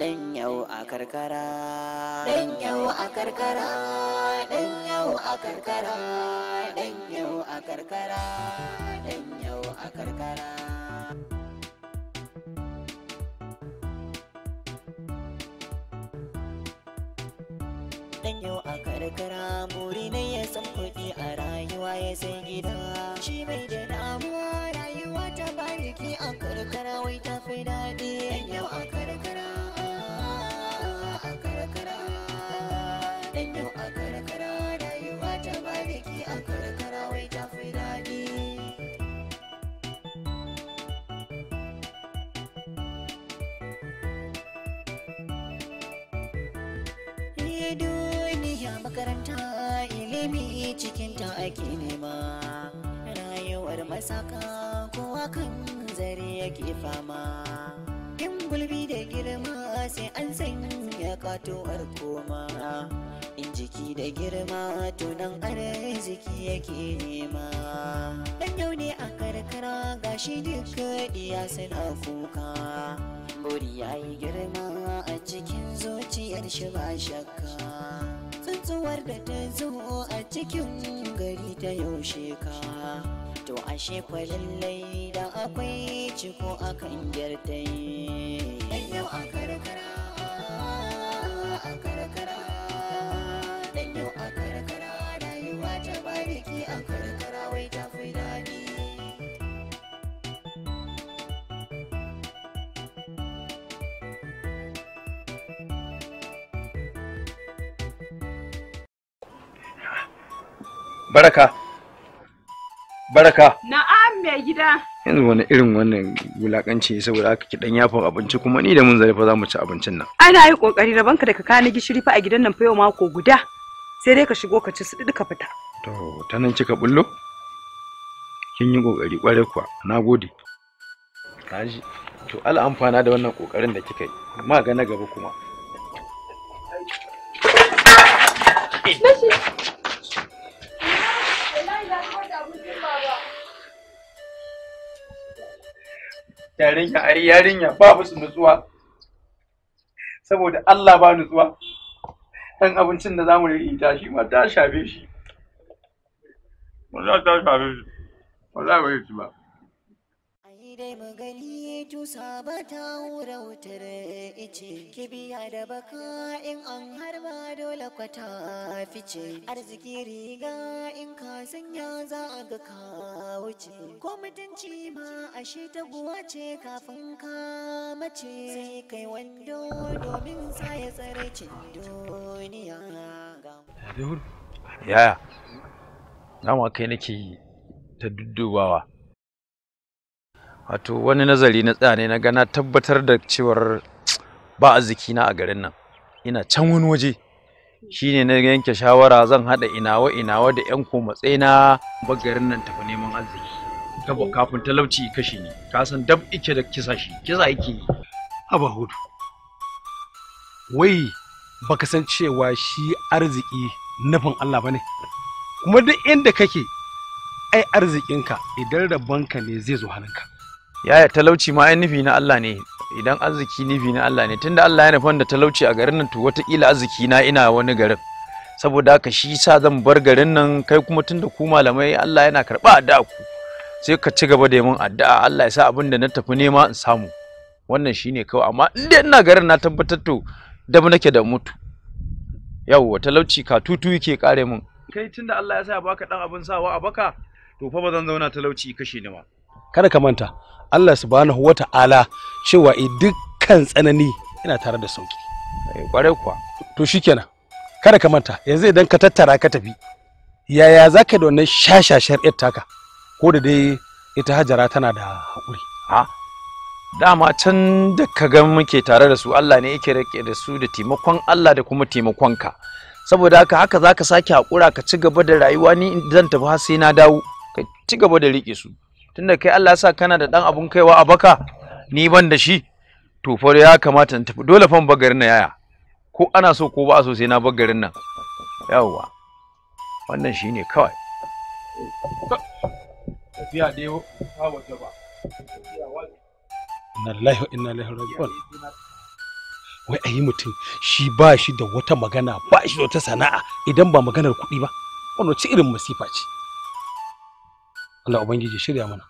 Dan yau a karkara. Dan yau a karkara. Dan yau a karkara. Dan yau a karkara. Dan yau a karkara. Dan yau a karkara muri ne ya san kuɗi a rayuwa ya san gida. Shi bai da damuwa rayuwa ta bariki a karkara wai ta fi daɗi. Dan yau a karkara. yake nema rayuwar masaka kowa kan zare yake fama yin gulbi da girma sai an sanya katuwar koma in jiki da girma tunan arziki yake nema dan yau ne a karkara gashi duka iya suna kuka buri ya yi girma a cikin zuciyar shi ba shakka rantsuwar da ta zo a cikin gari ta yaushe ka to ashe lallai da akwai ciko akan gyartai yau a karkara a karkara Baraka. Baraka. Na'am mai gida. Yanzu wani irin wannan wulakanci saboda aka ki dan yafin abinci kuma ni da mun zare fa za ci abincin nan. Ana yi kokari banka da ka kana gishiri fa a gidan nan fa yau mako guda. Sai dai ka shigo ka ci su ka fita. To, ta nan kika bullo? Kin yi kokari kware kuwa. Nagode. Kaji. To, ala amfana da wannan kokarin da kika yi. Ma ga na gaba kuma. yarinya ai yarinya babu su nutsuwa saboda Allah ba nutsuwa dan abincin da zamu rika shi ma ta shafe shi wallahi ta shafe shi wallahi yi ba dai magani tusa ba ta wurautar ice kibiya da baka in an harba dole kwata fice arziki riga in ka sanya za a ga ka wuce ko mutunci ma ashe ta guwa ce kafin ka mace sai kai wando domin sa ya tsare cin duniya yaya dama kai nake ta duddubawa wato wani nazari na tsaya ne na gana tabbatar da cewar ba arziki na a garin nan ina can wani waje shine na yanke shawara zan hada inawa inawa da yan komatse na garin nan tafi neman arziki kaba kafin talauci kashe ni ka san dab ike da kisa shi kisa yake yi aba hudu wai baka san cewa shi arziki nufin Allah bane kuma duk inda kake ai arzikinka idan rabonka ne zai zo hannunka yaya talauci ma ai nufi na Allah ne idan arziki nufi na Allah ne tunda Allah ya nufi da talauci a garin nan to wataƙila arziki na ina wani garin saboda haka shi sa zan bar garin nan kai kuma tunda ku malamai Allah yana karɓa addu'a ku sai ka ci gaba da yi min addu'a Allah ya sa abin da na tafi nema in samu wannan shine kawai amma in dai ina garin na tabbatar to da nake da mutu yawwa talauci ka tutu yake kare min kai tunda Allah ya sa ya baka dan abin sawa a baka to fa ba zan zauna talauci kashe ni ma kada ka manta Allah subhanahu wa ta'ala cewa eh, dukkan tsanani yana tare da sauki kwarai eh, kuwa to shikenan kada ka manta yanzu idan ka tattara ka tafi yaya za ka da wannan shashashar yar taka ko da dai ita hajara tana da haƙuri ha dama can da ka ga muke tare da su Allah ne yake rike da su da taimakon Allah da kuma taimakon ka saboda haka haka za ka sake haƙura ka ci gaba da rayuwa ni zan tafi har sai na dawo ka ci gaba da rike su tunda kai Allah sa kana da dan abun kaiwa a baka ni ban da shi to fa ya kamata in tafi dole fan bagarin na yaya ko ana so ko ba a so sai na bagarin nan yawwa wannan shine kawai tafiya dai ba waje ba inna lillahi wa inna ilaihi raji'un wai ayi mutum shi ba shi da wata magana ba shi da wata sana'a idan ba maganar kuɗi ba wannan ci irin masifa ce Allah ubangiji shirya mana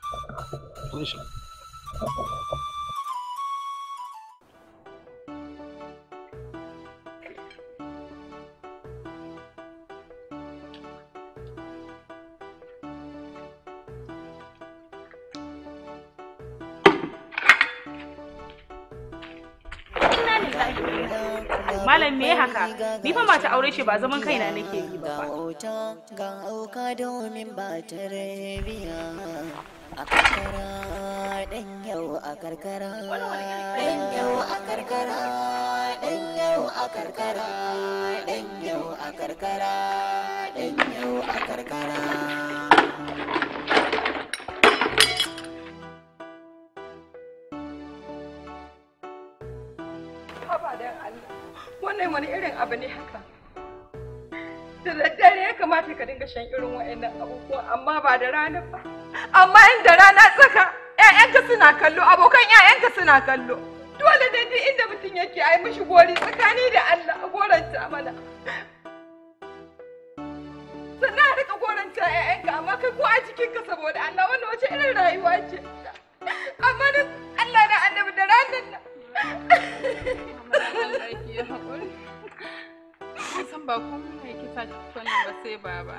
ni fa mata aure ce ba zaman kaina nake yi ba ga auka domin ba ta rabiya a karkara dan yau a karkara dan yau a karkara dan yau a karkara dan yau a karkara dan yau a karkara haba don Allah Sai wani irin abu ne haka da daddare ya kamata ka dinga shan irin wa'annan abubuwa amma ba da rana ba amma in da rana tsaka ƴaƴanka suna kallo abokan ƴaƴanka suna kallo dole da duk inda mutum yake ai mishi gori tsakani da Allah a goranta mana sannan a rika goranta ƴaƴanka amma kai ko a ka saboda Allah wannan wace irin rayuwa ce amma duk Allah ki ya haƙuri. ba komai ne ke sa ba sai baba.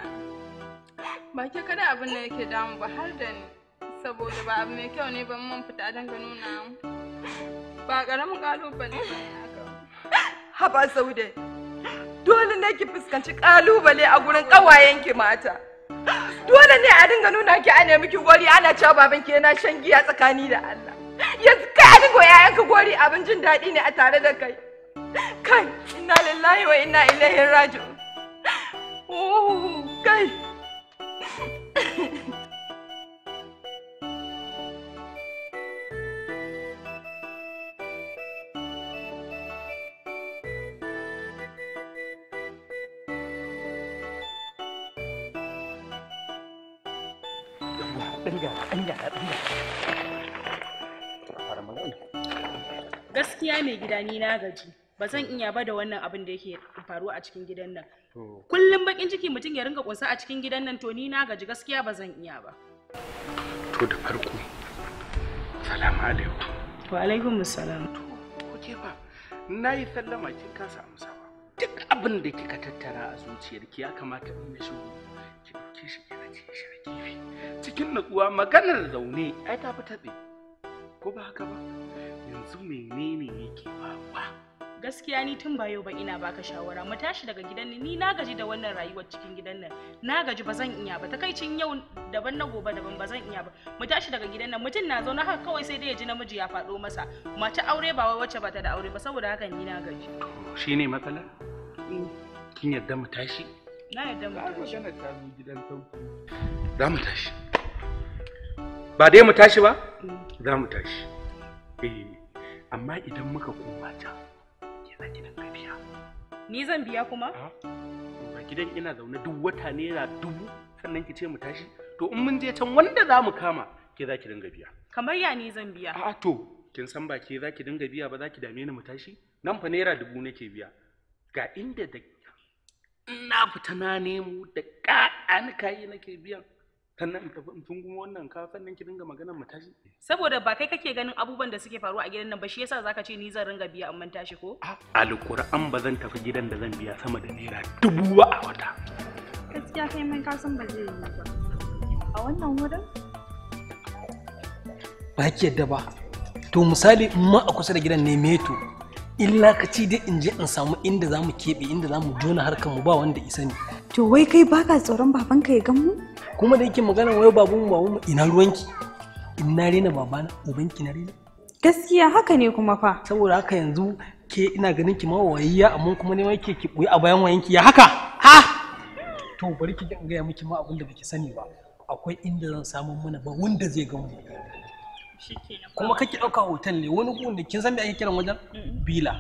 Ba ke kada abin da yake damu ba har da ni. Saboda ba abu mai kyau ne ba mun fita don ga nuna mu. Ba ƙaramin ƙalubale ba ne haka. Haba Saude, dole ne ki fuskanci ƙalubale a gurin ƙawayenki mata. Dole ne a dinga nuna ki a nemi ki gori ana cewa baban ki yana shan giya tsakani da Allah. Yanzu ko ka gori abin jin daɗi ne a tare da kai. Kai, inna lillahi wa inna ilaihi raji'un. Kai. gaskiya mai gida ni na gaji ba zan iya ba da wannan abin da yake faruwa a cikin gidan nan kullum bakin ciki mutum ya ringa kunsa a cikin gidan nan to ni na gaji gaskiya ba zan iya ba to da farko salamu alaikum wa alaikum assalam to kuke fa na yi sallama kin kasa amsa ba duk abin da kika tattara a zuciyarki ya kamata in ya shigo ki dauke shi ki shi a gefe cikin natsuwa maganar zaune ai ta fi taɓe ko ba haka ba yanzu menene yake faruwa gaskiya ni tun ba yau ba ina baka shawara mu tashi daga gidan nan ni na gaji da wannan rayuwar cikin gidan nan na gaji ba zan iya ba takaicin yau daban na gobe daban ba zan iya ba mu tashi daga gidan nan mutum na zauna, haka kawai sai dai ya ji namiji ya faɗo masa mace aure ba wai wacce bata da aure ba saboda haka ni na gaji Shi ne matsala kin yadda mu tashi na yadda mu tashi na ta zo gidan sauki za mu tashi ba dai mu tashi ba mm. za mu tashi eh amma idan muka koma can ke za gidan ka biya ni zan biya kuma ba gidan ina zaune duk wata naira dubu sannan ki ce mu tashi to in mun je can wanda za mu kama ke za ki dinga biya kamar ya ni zan biya a to kin san ba ke za ki dinga biya ba za ki dame ni mu tashi nan fa naira dubu nake biya ga inda da na fita na nemo da ka'a kayi nake biya. sannan in tafi wannan ka sannan ki dinga maganar mu tashi saboda ba kai kake ganin abubuwan da suke faruwa a gidan nan ba shi yasa zaka ce ni zan ringa biya amman tashi ko alquran ba zan tafi gidan da zan biya sama da naira dubu a wata gaskiya kai mai ka san ba zai yi ba a wannan wurin ba ki yadda ba to misali in ma a kusa da gidan ne meto illa ka ci dai in je in samu inda zamu keɓe inda zamu jona harkar mu ba wanda isa ne To wai kai baka tsoron babanka ya gan mu? Kuma da yake magana wai babanmu babu ina ruwanki? In rena babana ubanki na rena? Gaskiya haka ne kuma fa. Saboda haka yanzu ke ina ganin ki ma wayayya amma kuma ne ma ke ki koyi a bayan wayanki ya haka? Ha? To bari ki in gaya miki ma abin da baki sani ba. Akwai inda zan samu mana ba wanda zai gan mu. Kuma kake ɗauka hotel ne wani gun da kin san me ake kiran wajen? Bila.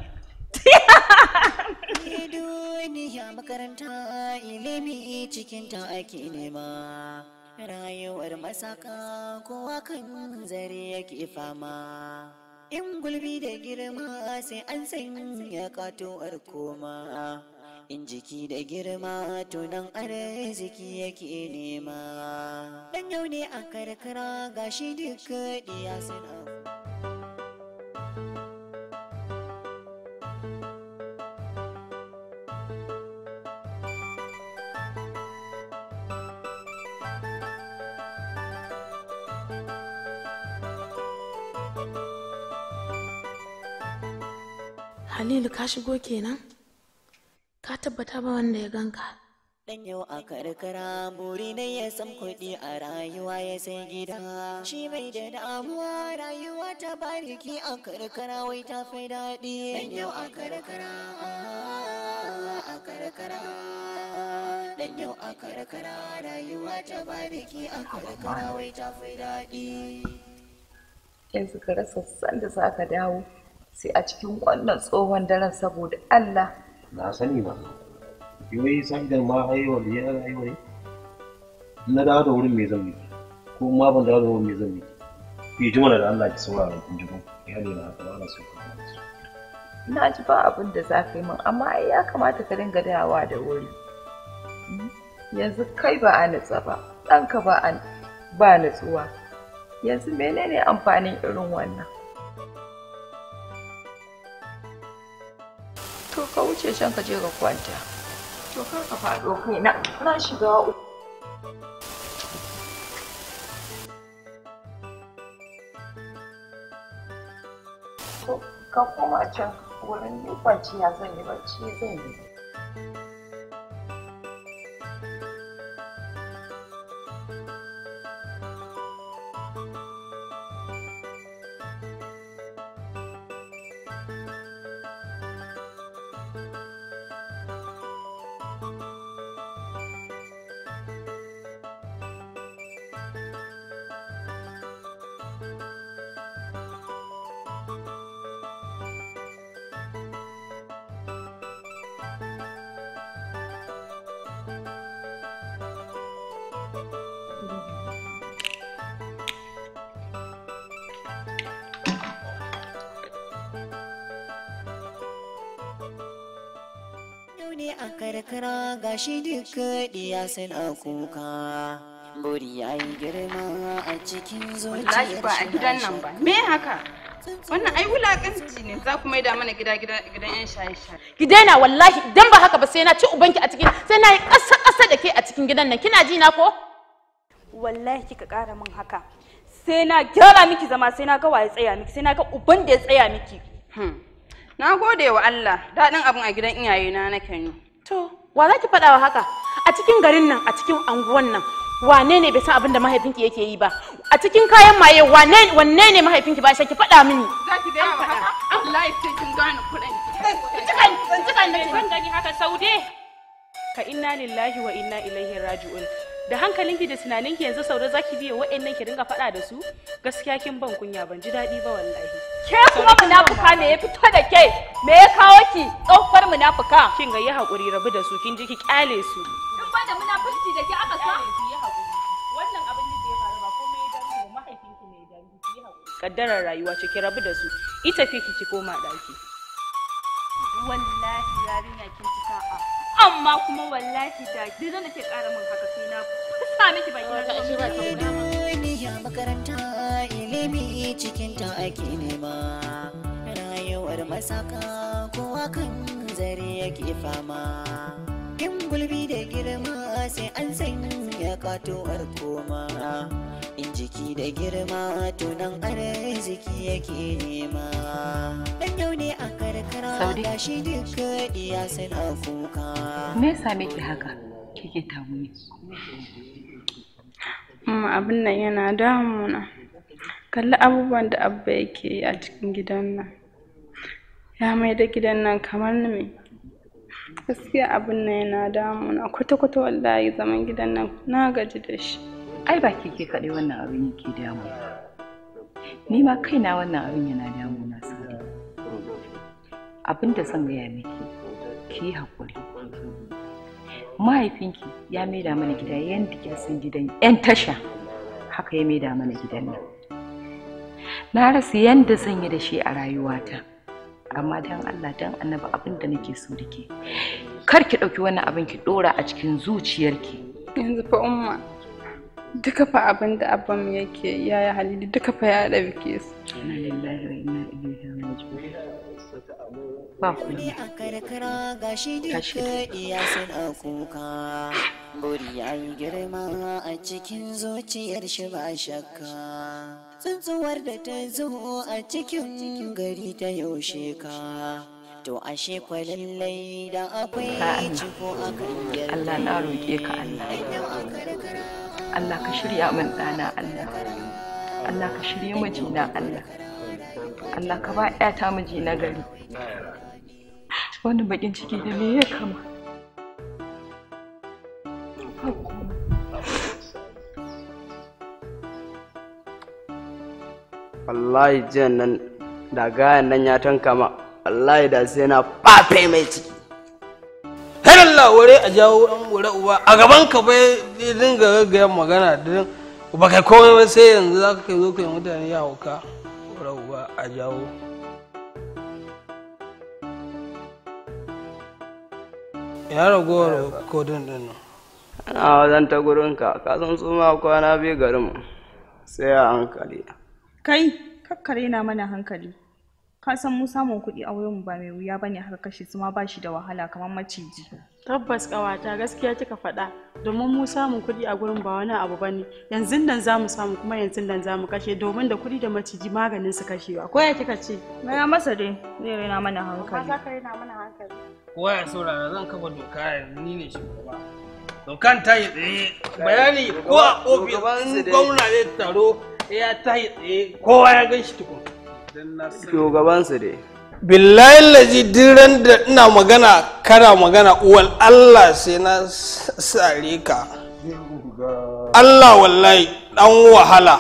duniya makaranta ilimi cikinta ake nema rayuwar masaka kowa kan zare yake fama in gulbi da girma sai an sanya katuwar koma in jiki da girma tunan arziki yake nema dan yau ne a karkara gashi duk diya suna Halilu ka shigo kenan? Ka tabbata ba wanda ya ganka. Dan yau a karkara buri ne ya san kuɗi a rayuwa ya sai gida. Shi mai da damuwa rayuwa ta bariki a karkara wai ta fi daɗi. Dan yau a karkara a karkara. Dan yau a karkara rayuwa ta bariki a karkara wai ta fi daɗi. Yanzu ka rasa sanda za ka dawo. sai a cikin wannan tsohon daren saboda Allah. Na sani ba. Yoyi san idan ma haihuwar ya haihuwar na dawo da wurin mai zan miki ko ma ban dawo da wurin mai zan miki. Bi ji mana da Allah ki saurara kun ji kun ya ne na haka ana so Na ji ba abin da za ka yi min amma ya kamata ka dinga dawa da wuri. Hmm? Yanzu kai ba a nutsa ba, ɗanka ba a ba nutsuwa. Yanzu menene amfanin irin wannan? to ka wuce can ka je ka kwanta to kar ka faɗo kaina na shiga uku ka koma can wurin kwanciya zan yi bacci zan yi a karkara gashi duk diya suna kuka buri ya yi girma a cikin zuciyar ba a gidan nan ba me haka wannan ai wulakanci ne za ku maida mana gida gidan yan shaye-shaye ki daina wallahi idan ba haka ba sai na ci ubanki a cikin sai na yi ƙasa-ƙasa da ke a cikin gidan nan kina ji na ko wallahi kika ƙara min haka sai na gyara miki zama sai na ga waye tsaya miki sai na ga uban da ya tsaya miki hmm. na gode wa Allah daɗin abin a gidan iyayena na ni to wa za ki faɗa wa haka a cikin garin nan a cikin anguwan nan wane ne bai san abin da mahaifinki yake yi ba a cikin kayan maye wane wanne ne mahaifinki ba shi ki faɗa mini za ki da yawa haka wallahi sai kin gane kuɗin cikan cikan da kin gani haka saude ka inna lillahi wa inna ilaihi raji'un da hankalinki da tunaninki yanzu saura zaki biye wa'annan ki ringa faɗa da su gaskiya kin ban kunya ban ji daɗi ba wallahi ke kuma munafuka me ya fito da ke me ya kawo ki tsofar munafuka kin ga yi hakuri rabu da su kin ji ki kyale su duk ba da munafurci da ke aka sa wannan abin da ya faru ba komai ya dami ba mai dami yi hakuri kaddarar rayuwa ce ki rabu da su ita fi ki koma ɗaki wallahi yarinya kin cika a amma kuma wallahi da duk zan ke ƙara min haka sai na fasa miki baki na shi ba ki duniya makaranta ilimi cikin ta ake nema rayuwar masaka kowa kan zare yake fama Kin gulbi da girma sai an sanya har koma in jiki da girma tunan arziki yake nema dan yau ne a Saudi. Me ya same ki haka? Kike wuni? Amma abin nan yana damuna. Kalli abubuwan da abba yake yi a cikin gidan nan. Ya mai da gidan nan kamar me? Gaskiya abin nan yana damuna. Kwata-kwata wallahi zaman gidan nan na gaji da shi. Ai ba kike kaɗai wannan abin yake damu. Ni ma kaina wannan abin yana damu. abin zan gaya miki ki yi haƙuri mahaifinki ya maida mana gida yadda kin san gidan 'yan tasha haka ya maida mana gidan nan na rasa yadda zan yi da shi a rayuwata amma don allah don annaba, abin da nake so da ke kar ki ɗauki wannan abin ki ɗora a cikin zuciyarki yanzu fa umma duka fa abin da abban yake yaya halili duka fa ya ɗauke su ba kuɗi a shi kuka buri ya girma a cikin zuciyar shi ba tsuntsuwar da ta zo a cikin gari ta yaushe ka to ashe kwalallai da akwai ciko a kan Allah na roƙe ka Allah Allah ka shirya min ɗana Allah Allah ka shirya mijina Allah Allah ka ba ta miji na gari wannan bakin ciki da me ya kama wallahi jiyan nan da gayan nan ya tankama, ma wallahi da sai na fafe mai ciki Allah ware a jawo dan ware uba a gaban ka bai dinga gaggayen magana din ba kai komai ba sai yanzu ka kai zo kai mutane ya hauka ba a jawo ya ragowar kodin din nan ana wajen ta gurinka ka san su ma kwana bi garin sai a hankali kai kakkare na mana hankali ka san mu samun kuɗi a wurinmu ba mai wuya bane haka kashe su ma ba shi da wahala kamar maciji tabbas ƙawata gaskiya kika faɗa domin mu samun kuɗi a gurin ba wani abu bane yanzu nan za mu samu kuma yanzu nan za mu kashe domin da kuɗi da maciji maganin su kashewa ko ya kika ce na masa dai zai rena mana hankali ka raina mana hankali kowa ya saurara zan kafa doka yanzu ni ne shugaba dokan ta yi tsaye bayani ko a ofis gwamna zai taro ya ta yi tsaye kowa ya gan shi tukun shugabansu dai billahi laji diran da ina magana kara magana uwan allah sai na sare ka allah wallahi ɗan wahala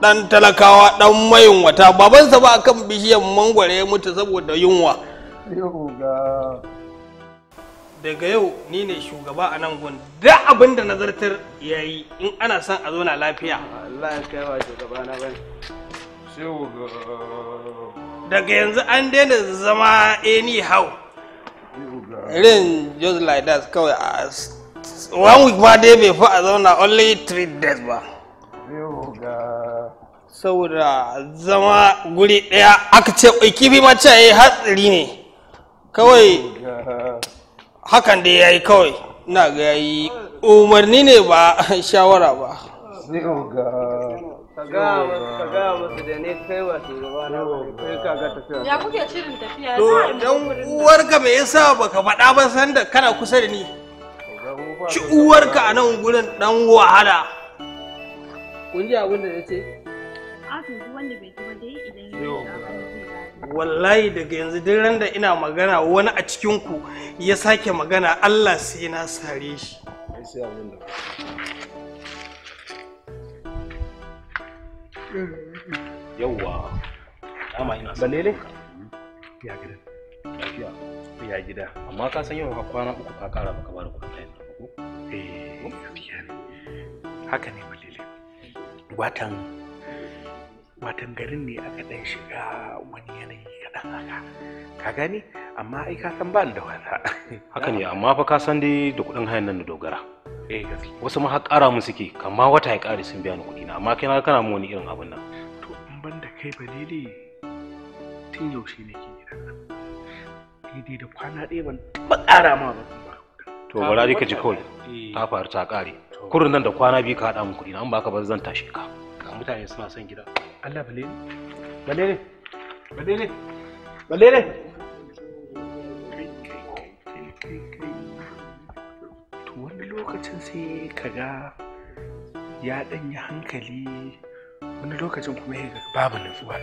dan talakawa dan mayunwata babansa ba akan bishiyar mangware ya mutu saboda yunwa daga yau ni ne shugaba a nan gun da abin da nazartar ya yi in ana son a zo na lafiya Allah ya kai wa shugaba na bane daga yanzu an daina zama eh, anyhow rin just like that kawai a one week ba dai bai fi a zauna only three days ba saboda zama guri ɗaya, aka ce kifi bi mace ya eh, hatsari ne kawai hakan da ya yi kawai na ga yi umarni ne ba shawara ba ne ka ga wasu da ne kai wa shugaba na kai ka tafiya ya kuke cirin tafiya dan uwarka me yasa baka faɗa ba sanda kana kusa da ni ci uwarka a nan gurin ɗan wahala kun ji abin da ah, ya ce wallahi daga yanzu duk ran da ina magana wani a cikinku ya sake magana allah sai na sare shi yawwa dama ina son balele ya gida ya gida amma ka san yau ka kwana uku ka kara baka bada kuɗin layin nan ko eh haka ne balele watan watan garin ne aka dan shiga wani yanayi kaɗan haka ka gani? amma ai ka san ba ni da wasa haka ne amma fa ka san dai da kuɗin hayan nan da dogara Eh, wasu ma har ƙara mun suke kamar wata ya ƙare sun biya ni kuɗi na amma kai na kana mu wani irin abin nan to in ban da kai ba lele tun yaushe nake gidan nan daidai da kwana ɗaya ban taɓa ƙara ma ba to bara dai ka ji eh. kawai ta faru ta ƙare kurin nan da kwana biyu ka haɗa mun kuɗi na an baka ba zan tashe ka mutane suna son gida Allah balele balele balele balele lokacin sai ka ga ya ɗanyi hankali wani lokacin kuma ya babu nutsuwa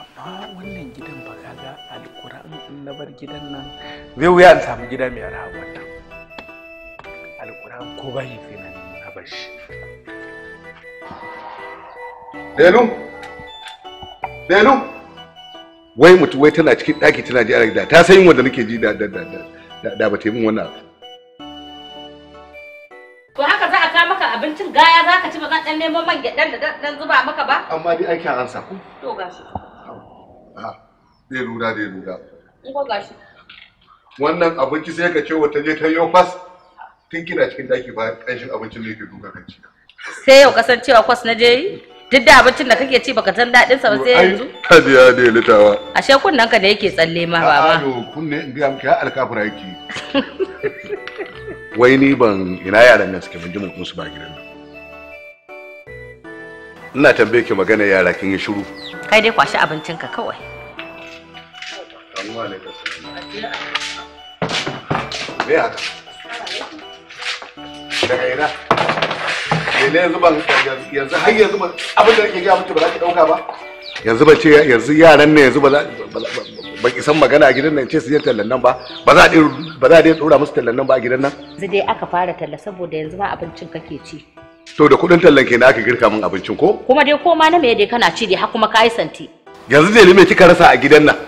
amma wannan gidan ba kaga alkur'an in na bar gidan nan zai wuya an samu gida mai arha wannan alkur'an ko ba yi nan na bar shi Delu Delu wai mutu wai tana cikin ɗaki tana ji a da ta san yin wanda nake ji da da da da ba ta yi min wannan to haka za a kawo maka abincin gaya za ka ci ba zan dan nemo man gyaɗan da dan zuba maka ba amma dai aikin an sa ku to gashi a ah, dai lura dai lura ko gashi wannan abinci sai ka ce wata je ta yi fas tun kina cikin daki ba ƙanshin abincin ne ke duka kan ci sai yau kasancewa kwas na je yi duk da abincin da kake ci baka san daɗin sa ba sai yanzu ya da litawa ashe kunnen ka da yake tsalle ma baba ayo kunne in ga maka alkafura yake wai ni ban ina yaran nan suke ban ji mulkin su ba gidan nan ina tambaye ki magana yara kin yi shiru kai dai kwashi abincin ka kawai Ya, Daga ina? yanzu ban yanzu har yanzu abin da nake gaya ba za ki dauka ba yanzu ba ce yanzu yaran ne yanzu ba za ban isan magana a gidan nan ce su je tallan nan ba ba za ba za a dora musu tallan nan ba a gidan nan yanzu dai aka fara talla saboda yanzu ma abincin kake ci to da kudin tallan kenan aka girka min abincin ko kuma dai ko ma na me dai kana ci dai har kuma kai santi yanzu dai me kika rasa a gidan nan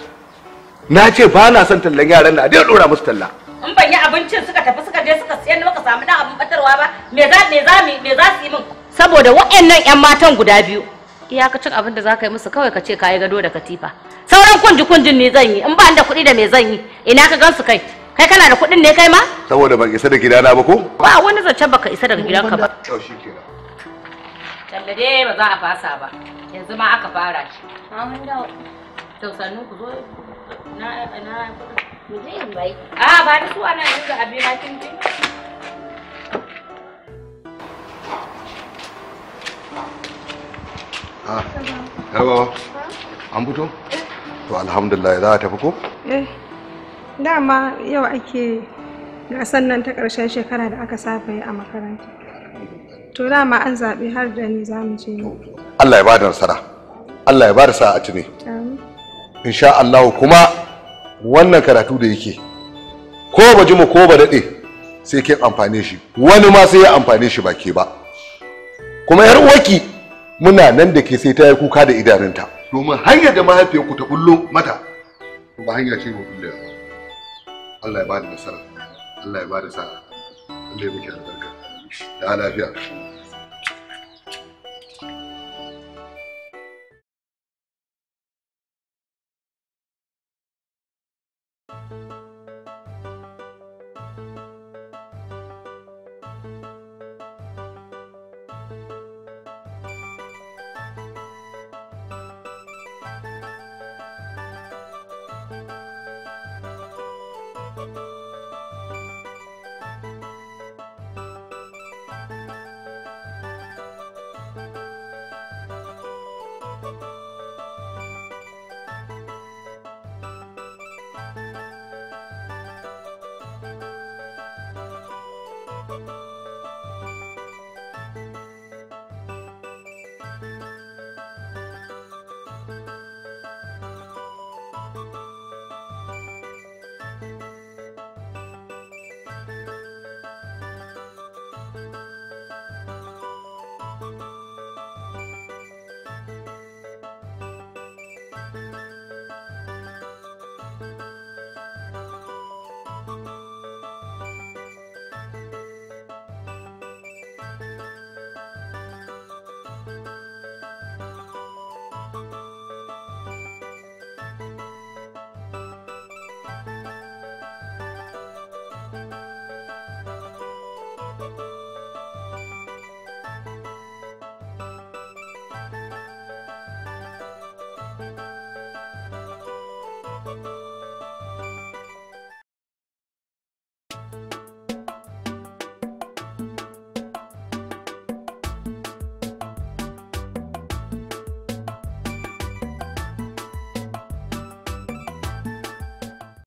na ce ba na son tallan yaran nan a dai dora musu talla in ban yi abincin suka tafi suka je suka siyan muka samu dan abin batarwa ba me za me za me za su yi min saboda waɗannan 'yan matan guda biyu iyakacin abin da za ka yi musu kawai ka ce ka yi gado da katifa sauran kunji kunjin ne zan yi in ba da kuɗi da me zan yi ina ka gansu kai kai kana da kuɗin ne kai ma saboda ban isa da gidana ba ko ba wani zancen baka isa daga gidanka ba to shikenan ba za a fasa ba yanzu ma aka fara shi to sannu ku zo na na Mu je in bai. A ba da su ana yanzu abin na ji. Ah. Yawa. An fito? To alhamdulillah za a tafi ko? Eh. Dama yau ake gasar nan ta ƙarshen shekara da aka saba yi a makaranta. To dama an zaɓi har da ni za mu je. Allah ya ba da nasara. Allah ya ba da sa'a tuni. Amin. Insha Allah kuma wannan karatu da yake ko ba ji mu ko ba daɗe sai ke amfane shi wani ma sai ya amfane shi ba ke ba kuma yar uwaki muna nan da ke sai ta yi kuka da idanunta domin hanyar da mahaifiyarku ta bullo mata ba hanya ce ba bullo Allah ya bada nasara Allah ya bada sa'a Allah ya miki albarka da lafiya